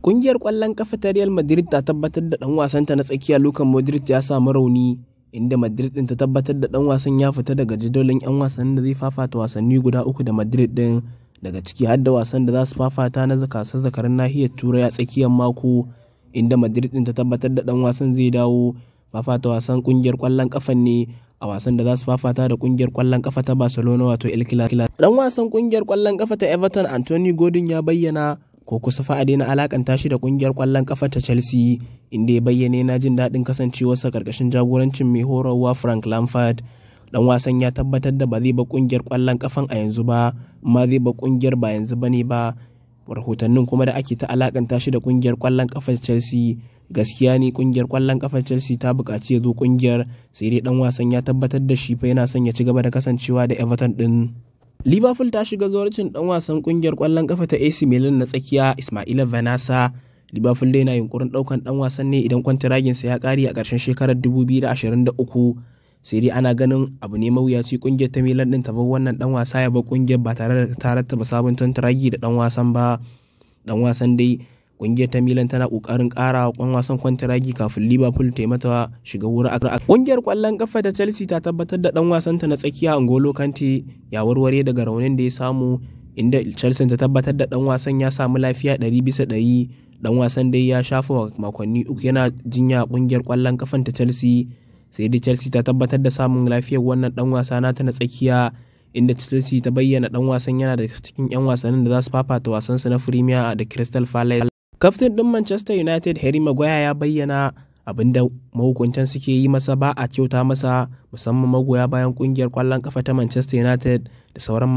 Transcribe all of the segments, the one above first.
kungiyar kwallon kafa ta Real Madrid ta tabbatar da wasan wasanta na tsakiya Luka Modric ya samu rauni inda Madrid din ta tabbatar da dan wasan ya fita daga jadolin 'yan wasan da zai fafata wasanni guda uku da Madrid din daga ciki har da wasan da za su fafata na zakasar zakarin nahiyar Turai a tsakiyar mako inda Madrid din ta tabbatar da dan wasan zai dawo fafata wasan kungiyar kwallon kafa ne a wasan da za su fafata da kungiyar kwallon kafa ta Barcelona wato El Clasico. Dan wasan kungiyar kwallon kafa ta Everton Anthony Gordon ya bayyana ko kusa fa a alakanta shi da kungiyar kwallon kafa ta Chelsea inda ya bayyane na jin daɗin kasancewarsa karkashin jagorancin mai horarwa Frank Lampard dan wasan ya tabbatar da ba zai ba kungiyar kwallon kafan a yanzu ba amma zai ba kungiyar ba yanzu bane ba rahotannin kuma da ake ta alakanta shi da kungiyar kwallon ta Chelsea gaskiya ne kungiyar kwallon kafa Chelsea ta buƙaci ya zo kungiyar sai dai dan wasan ya tabbatar da shi fa yana son ya ci gaba da kasancewa da Everton din Liverpool ta shiga zuwarcin dan wasan kungiyar kwallon kafa ta AC Milan na tsakiya Ismaila Vanasa. Liverpool dai na yunkurin daukan dan wasan ne idan sa ya kare a ƙarshen shekarar 2023. Sai dai ana ganin abu ne mawuyaci kungiyar ta Milan din ta bar wannan dan wasa ya bar kungiyar ba tare da ta rattaba sabon tantaragi da dan wasan ba. Dan wasan dai kungiyar ta milan tana kokarin kara kwan wasan kwantaragi kafin liverpool ta mata shiga wuri a kungiyar kwallon kafa ta chelsea ta tabbatar da dan ta na tsakiya angolo kante ya warware daga raunin da ya samu inda chelsea ta tabbatar da dan wasan ya samu lafiya 100 bisa 100 dan wasan dai ya shafa makonni uku yana jinya kungiyar kwallon kafan ta chelsea sai dai chelsea ta tabbatar da samun lafiyar wannan dan wasa na nata na tsakiya inda chelsea ta bayyana dan wasan yana da cikin 'yan wasannin da za su fafata wasansa na firimiya da crystal palace Kaftin ɗin Manchester United Harry Maguire ya bayyana abin da mahukuntan suke yi masa ba a kyauta masa musamman magoya bayan kungiyar kwallon kafa ta Manchester United da sauran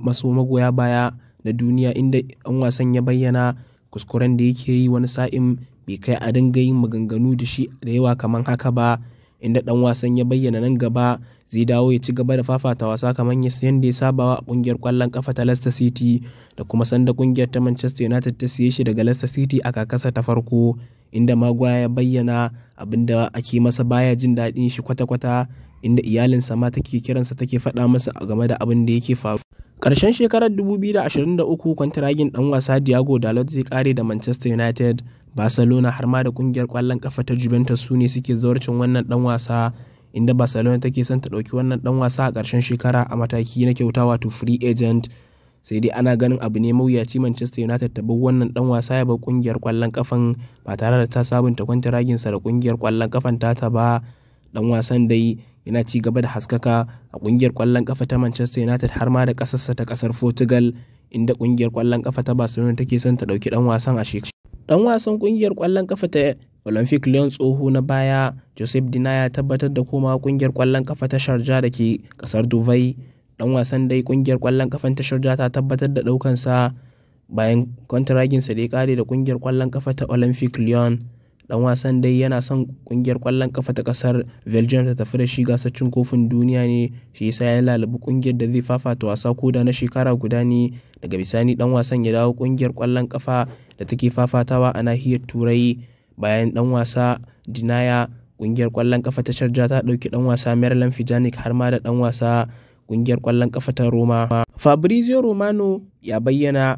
masu magoya baya na duniya inda an wasan ya bayyana kuskuren da yake yi wani sa'in bai kai a dinga yin maganganu da shi da yawa kamar haka ba inda dan wasan ya bayyana nan gaba zai dawo ya ci gaba da fafata wasa kamar yadda ya sabawa a kungiyar kwallon kafa ta Leicester City da kuma sanda kungiyar ta Manchester United ta siye shi daga Leicester City a kakasa ta farko inda Maguire ya bayyana abinda ake masa baya jin daɗin shi kwata-kwata inda iyalinsa ma take kiransa take faɗa masa game da abin da yake faru. karshen shekarar 2023 kwantiragin dan wasa Diago Dalot zai kare da Manchester United barcelona har ma da kungiyar kwallon kafa ta juventus su ne suke zawarcin wannan dan wasa inda barcelona take son ta dauki wannan dan wasa a ƙarshen shekara a mataki na kyauta wato free agent sai dai ana ganin abu ne mawuyaci manchester united ta bar wannan dan wasa ya bar kungiyar kwallon kafan ba tare da ta sabunta sa da kungiyar kwallon kafan ta ba dan wasan dai yana ci gaba da haskaka a kungiyar kwallon kafa ta manchester united har ma da kasarsa ta kasar portugal inda kungiyar kwallon kafa ta barcelona take son ta dauki dan wasan a shekara Dan wasan kungiyar kwallon kafa ta Olympic Lyon tsoho na baya Joseph Dina ya tabbatar da koma kungiyar kwallon kafa ta sharja da ke kasar Dubai. Dan wasan dai kungiyar kwallon kafan ta sharja ta tabbatar da sa bayan sa da ya kare da kungiyar kwallon kafa ta Olympic Lyon. Dan wasan dai yana son kungiyar kwallon kafa ta kasar Belgium ta tafi da shi gasar cin kofin duniya ne shi yasa ya lalabi kungiyar da zai fafata wasa koda na shekara guda ne daga bisani dan wasan ya dawo kungiyar kwallon kafa da take fafatawa a nahiyar turai bayan dan wasa dinaya kungiyar kwallon kafa ta sharja ta dauki dan wasa maryland fijanic har ma da dan wasa kungiyar kwallon kafa ta roma fabrizio romano ya bayyana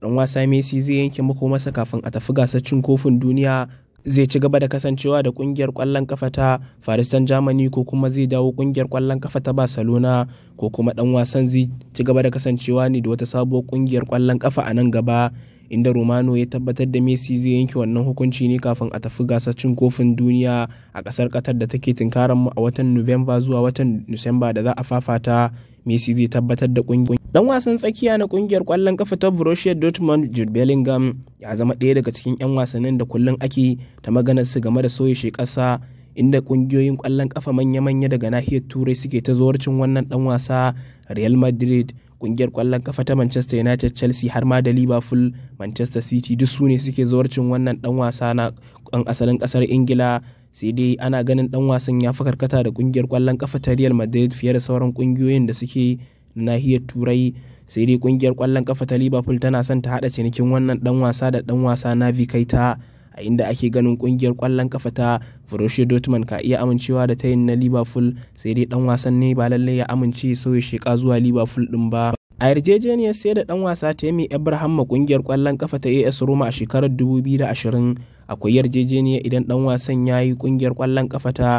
dan wasa messi zai yanke masa kafin a tafi gasar cin kofin duniya zai ci gaba da kasancewa da kungiyar kwallon kafa ta Paris saint ko kuma zai dawo kungiyar kwallon kafa ta Barcelona ko kuma dan wasan zai ci gaba da kasancewa ne da wata sabuwar kungiyar kwallon kafa a nan gaba inda romano ya tabbatar da messi zai yanke wannan hukunci ne kafin a tafi gasar cin kofin duniya a kasar qatar da take tinkaran mu a watan november zuwa watan nusamba da za a fafata messi zai tabbatar da kungiyar dan wasan tsakiya na kungiyar kwallon kafa ta Borussia Dortmund Jude Bellingham ya zama ɗaya daga cikin 'yan wasannin da kullum ake ta maganar su game da sauya shekarsa inda kungiyoyin ƙwallon kafa manya-manya daga nahiyar turai suke ta zuwarcin wannan dan wasa real madrid kungiyar kwallon kafa ta manchester united chelsea har ma da liverpool manchester city duk su ne suke zuwarcin wannan ɗan wasa na asalin ƙasar ingila sai dai ana ganin ɗan wasan ya fi karkata da kungiyar kwallon kafa ta real madrid fiye da sauran kungiyoyin da suke nahiyar turai sai dai kungiyar kwallon kafa ta liverpool tana son ta hada cinikin wannan ɗan wasa da ɗan wasa na kaita a inda ake ganin kungiyar kwallon kafa ta Borussia Dortmund ka iya amincewa da tayin na Liverpool sai dai dan wasan ne ba lallai ya amince sauya sheka zuwa Liverpool din ba. a yarjejeniyar sai da dan wasa Tammy Abraham ma kungiyar kwallon kafa ta AS Roma a shekarar 2020 akwai yarjejeniya idan dan wasan ya yi kungiyar kwallon kafa ta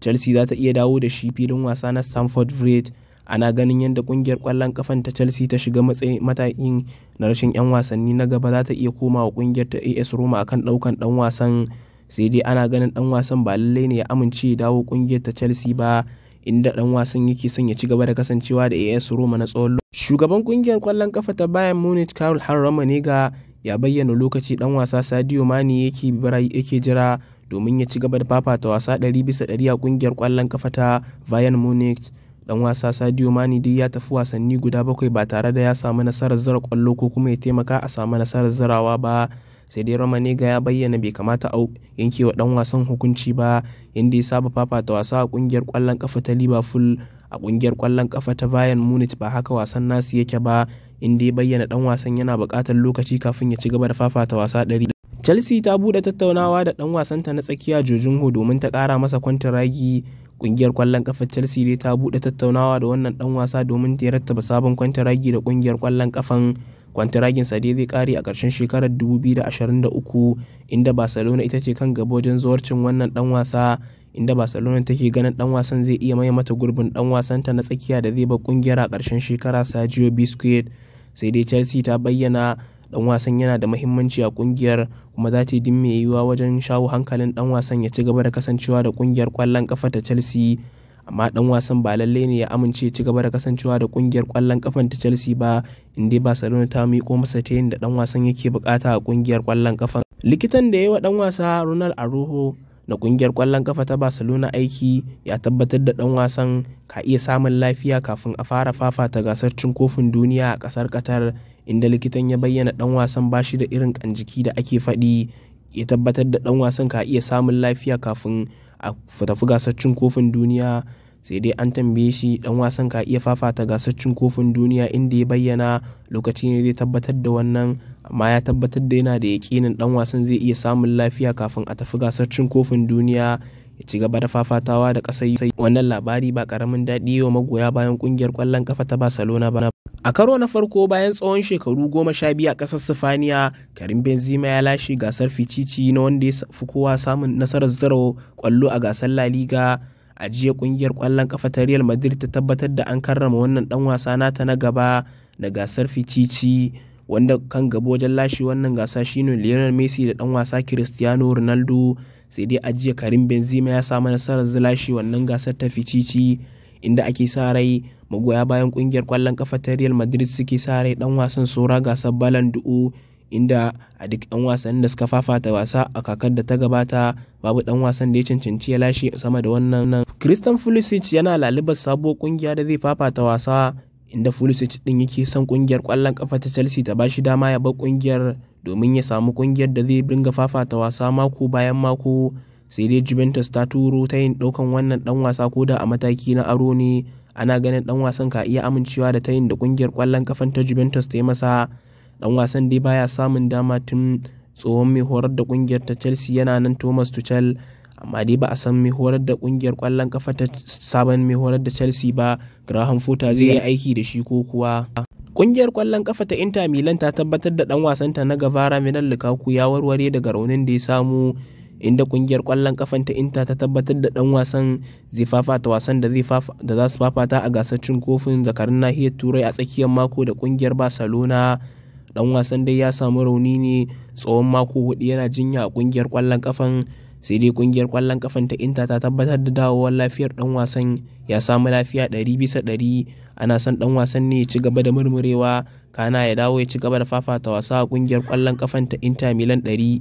Chelsea za ta iya dawo da shi filin wasa na Stamford Bridge ana ganin yadda kungiyar kwallon kafan ta chelsea ta shiga matakin na rashin 'yan wasanni na gaba za ta iya komawa kungiyar ta as roma akan daukan dan wasan sai dai ana ganin dan wasan ba lallai ne ya amince dawo kungiyar ta chelsea ba inda dan wasan yake son ya ci gaba da kasancewa da AS Roma na tsawon lokaci. Shugaban kungiyar kwallon kafa ta Bayern Munich Karl ne ga ya bayyana lokaci dan wasa Sadio mani yake yake jira domin ya ci gaba da fafata wasa 100 bisa 100 a kungiyar kwallon kafa ta Bayern Munich. dan wasa sadio mani dai ya tafi wasanni guda bakwai ba tare da ya samu nasarar zara kwallo ko kuma ya taimaka a samu nasarar zarawa ba sai dai ramanega ya bayyana bai kamata a yanke wa dan wasan hukunci ba inda ya saba fafata wasa a kungiyar kwallon kafa ta liverpool a kungiyar kwallon kafa ta bayern munich ba haka wasan nasu yake ba inda ya bayyana dan wasan yana bukatar lokaci kafin ya ci gaba da fafata wasa 100 chelsea ta bude tattaunawa da dan wasanta na tsakiya jojinho domin ta kara masa kwantar ragi. kungiyar kwallon kafa chelsea dai ta bude tattaunawa da wannan dan wasa domin ta rattaba sabon kwantaragi da kungiyar kwallon kafan kwantaragin sa dai zai kare a ƙarshen shekarar 2023 inda barcelona ita ce kan gaba wajen zuwarcin wannan dan wasa inda barcelona take ganin dan wasan zai iya maye mata gurbin dan wasan ta na tsakiya da zai ba kungiyar a ƙarshen shekara sergio biscuit sai dai chelsea ta bayyana dan wasan yana da mahimmanci a kungiyar kuma za ta yi mai yiwuwa wajen shawo hankalin dan wasan ya ci gaba da kasancewa da kungiyar kwallon kafa ta Chelsea amma dan wasan ba lallai ne ya amince ci gaba da kasancewa da kungiyar kwallon kafa ta Chelsea ba inda Barcelona ta miko masa ta da dan wasan yake bukata a kungiyar kwallon kafa likitan da yayi wa dan wasa Ronald Araujo na kungiyar kwallon kafa ta Barcelona aiki ya tabbatar da dan wasan ka iya samun lafiya kafin a fara fafata gasar cin kofin duniya a kasar Qatar inda likitan ya bayyana dan wasan ba shi da irin kan jiki da ake faɗi ya tabbatar da dan wasan ka iya samun lafiya kafin a tafi gasar kofin duniya sai dai an tambaye shi dan wasan ka iya fafata gasar kofin duniya inda ya bayyana lokaci ne zai tabbatar da wannan amma ya tabbatar da yana da yaƙinin dan wasan zai iya samun lafiya kafin a tafi gasar kofin duniya ya ci gaba da fafatawa da ƙasar wannan labari ba karamin daɗi wa magoya bayan ƙungiyar ƙwallon ƙafa ta barcelona ba a karo na farko bayan tsawon shekaru goma sha biyu a ƙasar sifaniya karim benzema ya lashe gasar ficici na wanda ya fi kowa samun nasarar zaro kwallo a gasar la liga a jiya ƙungiyar ƙwallon ƙafa ta real madrid ta tabbatar da an karrama wannan ɗan wasa nata na gaba da gasar ficici wanda kan gaba wajen lashe wannan gasa shine Lionel Messi da dan wasa Cristiano Ronaldo sai dai ajiya karim benzema ya samu nasarar zilashi wannan gasar ta ficici inda ake sa rai magoya bayan kungiyar kwallon kafa ta real madrid suke sa rai dan wasan sora gasar balan du'u inda a duk 'yan wasannin da suka fafata wasa a kakar da ta gabata babu dan wasan da ya cancanci ya lashe sama da wannan nan. Christian Pulisic yana lalibar sabuwar kungiya da zai fafata wasa inda Pulisic din yake son kungiyar kwallon kafa ta Chelsea ta bashi dama ya bar kungiyar domin ya samu kungiyar da zai bringa fafata wasa mako bayan mako sai dai Juventus ta turo ta yin daukan wannan dan wasa ko da a mataki na aro ne ana ganin dan wasan ka iya amincewa da ta yin da kungiyar kwallon kafan ta Juventus ta yi masa dan wasan dai baya samun dama tun tsohon mai horar da kungiyar ta Chelsea yana nan Thomas Tuchel amma dai ba a san mai horar da kungiyar kwallon kafa ta sabon mai horar da chelsea ba graham fota zai yi aiki da shi ko kuwa kungiyar kwallon kafa ta inter milan ta tabbatar da dan wasanta na gavara minan lukaku ya warware daga raunin da ya samu inda kungiyar kwallon kafan ta inter ta tabbatar da dan wasan zai fafata wasan da zai da za su fafata a gasar cin kofin zakarun nahiyar turai a tsakiyar mako da kungiyar barcelona dan wasan dai ya samu rauni ne tsawon mako hudu yana jinya a kungiyar kwallon kafan sai dai kungiyar kwallon kafan ta inta ta tabbatar da dawowar lafiyar dan wasan ya samu lafiya 100 bisa 100 ana son dan wasan ne ya ci gaba da murmurewa kana ya dawo ya ci gaba da fafata wasa a kungiyar kwallon kafan ta inta milan 100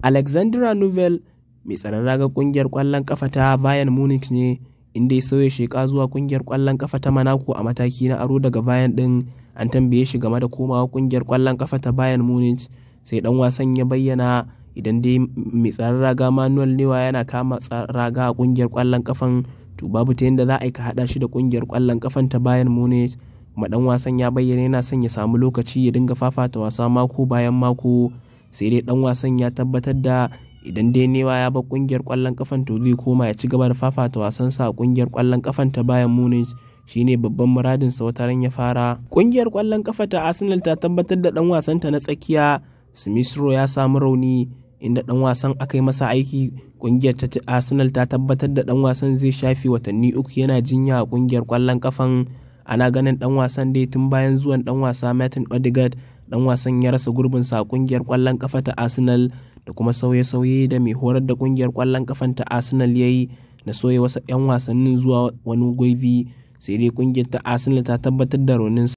alexandra novel mai tsaron raga kungiyar kwallon kafa ta bayan munich ne inda ya sauya sheka zuwa kungiyar kwallon kafa ta manako a mataki na aro daga bayan din an tambaye shi game da komawa kungiyar kwallon kafa ta bayan munich sai dan wasan ya bayyana idan dai mai tsaron raga manuel newa yana kama raga a kungiyar kwallon kafan to babu ta yadda za a yi ka hada shi da kungiyar kwallon kafan ta bayan munich kuma dan wasan ya bayyana yana son ya samu lokaci ya dinga fafata wasa mako bayan mako sai dai dan wasan ya tabbatar da idan dai newa ya bar kungiyar kwallon kafan to zai koma ya ci gaba da fafata sa a kungiyar kwallon kafan ta bayan munich shine babban muradinsa wata ran ya fara kungiyar kwallon kafa ta arsenal ta tabbatar da dan wasan ta na tsakiya smith ya samu rauni inda dan wasan aka yi masa aiki kungiyar ta arsenal ta tabbatar da dan wasan zai shafe watanni uku yana jinya a kungiyar kwallon kafan ana ganin dan wasan dai tun bayan zuwan dan wasa martin odegaard dan wasan ya rasa gurbin sa kungiyar kwallon kafa ta arsenal da kuma sauye-sauye da mai horar da kungiyar kwallon kafan ta arsenal ya yi na soya wasu 'yan wasannin zuwa wani gwiwi sai dai kungiyar ta arsenal ta tabbatar da ronin